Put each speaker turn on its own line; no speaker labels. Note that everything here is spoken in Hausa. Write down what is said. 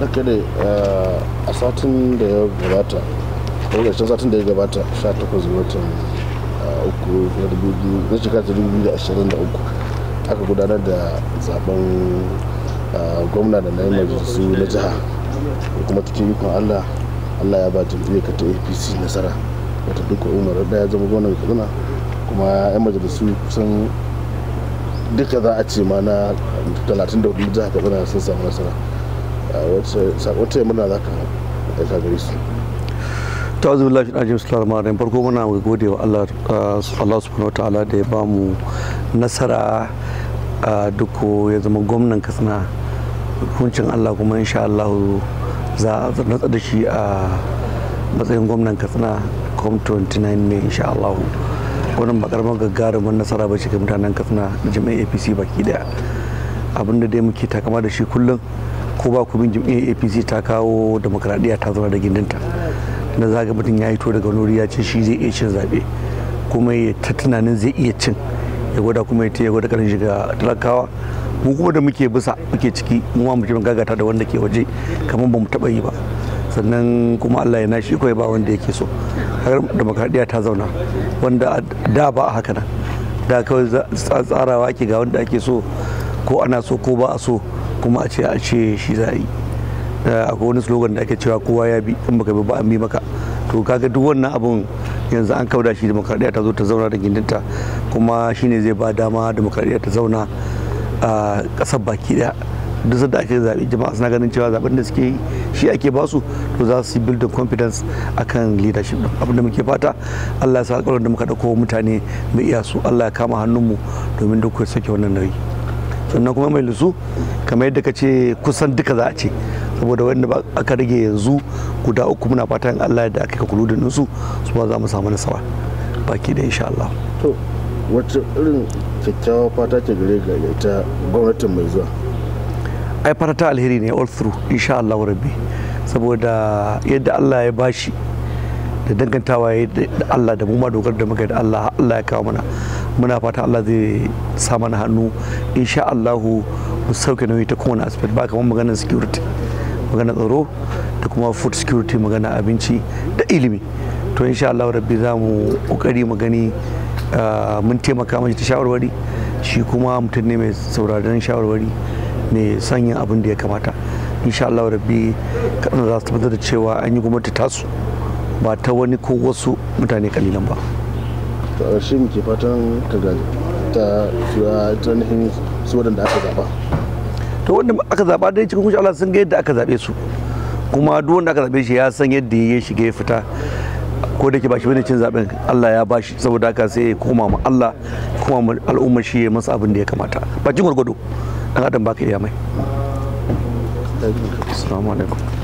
naka da eh, a satin da ya gabata ƙarshen satin da ya gabata 18 ga watan eh, uku na shekara ta 2023 aka gudanar da zaben eh, gwamna da na yi majalisu na jiha kuma cikin ikon allah allah ya ba jam'iyyar ta apc nasara wata duka umar daya zama gwamnan kaduna kuma 'yan majalisu kusan duka za a ce ma na 34 jiha kaduna sun samu nasara wata muna za ka aika gare su
ta wazi billahi shi ɗajin sular marin farko muna mai gode wa uh, allah subhanahu wa ta'ala da ya mu nasara uh, duko ya zama gwamnan katsina hukuncin allah kuma insha allah za a natsa da shi a matsayin gwamnan katsina com 29 ne insha allah wannan ba karamar gagarumin nasara ba ga mutanen katsina da jami'ai apc baki daya abinda dai muke takama da shi kullum ko ba ku jam'iyyar apc ta kawo demokradiyya ta zauna da gindinta na zaga mutum ya hito daga wani ya ce shi zai iya cin zaɓe kuma ya ta tunanin zai iya cin ya gwada kuma ya ta ya gwada karin shiga talakawa mu kuma da muke bisa muke ciki mu ma mutum gagata da wanda ke waje kamar ba mu taɓa yi ba sannan kuma allah ya nashi kawai ba wanda yake so har demokradiyya ta zauna wanda da ba a haka nan da kawai tsarawa ake ga wanda ake so ko ana so ko ba a so kuma a ce a ce shi za a yi eh, akwai wani slogan da ake cewa kowa ya bi in baka bi ba an bi maka to kaga duk wannan abun yanzu an kauda shi demokradiyya ta zo ta zauna da gindinta kuma shine zai ba dama demokradiyya ta zauna a kasar baki daya duk da ake zaɓe jama'a suna ganin cewa zaɓen da suke yi shi ake basu to za su yi build confidence akan leadership din abin da muke fata Allah ya sa alƙawarin da muka ɗauko mutane mai iya su Allah ya kama hannunmu domin duk sake wannan nauyi sannan kuma mai lusu kamar yadda ka ce kusan duka za a ce saboda wanda aka rage yanzu guda uku muna fatan allah da aka kakulu da nusu su ba za mu samu nasawa baki da insha allah to
wata irin kyakkyawa fata ke gare ga ta gwamnatin mai zuwa
ai fata ta alheri ne all through insha allah rabbi saboda yadda allah ya bashi da dangantawa ya da allah da mu ma dogar da muka da allah allah ya kawo mana muna fata Allah zai sa mana hannu insha Allahu mu sauke nauyi ta kowane aspect ba kamar maganar security maganar tsaro da kuma food security magana abinci da ilimi to insha Allah rabbi za mu kokari mu gani ah, mun taimaka mashi ta shawarwari shi kuma mutum ne mai sauraron shawarwari ne sanyin abin da ya kamata insha Allah rabbi kaɗan za su tabbatar da cewa an yi gwamnati tasu ba ta wani ko wasu mutane kalilan ba.
shi ke fatan ka ta ainihin su waɗanda aka zaɓa
to wanda aka zaɓa dai cikin kusa Allah sun ga yadda aka zaɓe su kuma duk wanda aka zaɓe shi ya san yadda ya shiga ya fita ko da ke ba shi bane cin zaɓen Allah ya ba shi saboda haka sai ya koma ma Allah kuma al'umma shi ya masa abin da ya kamata ba cikin gwargwado dan adam baka iya mai assalamu alaikum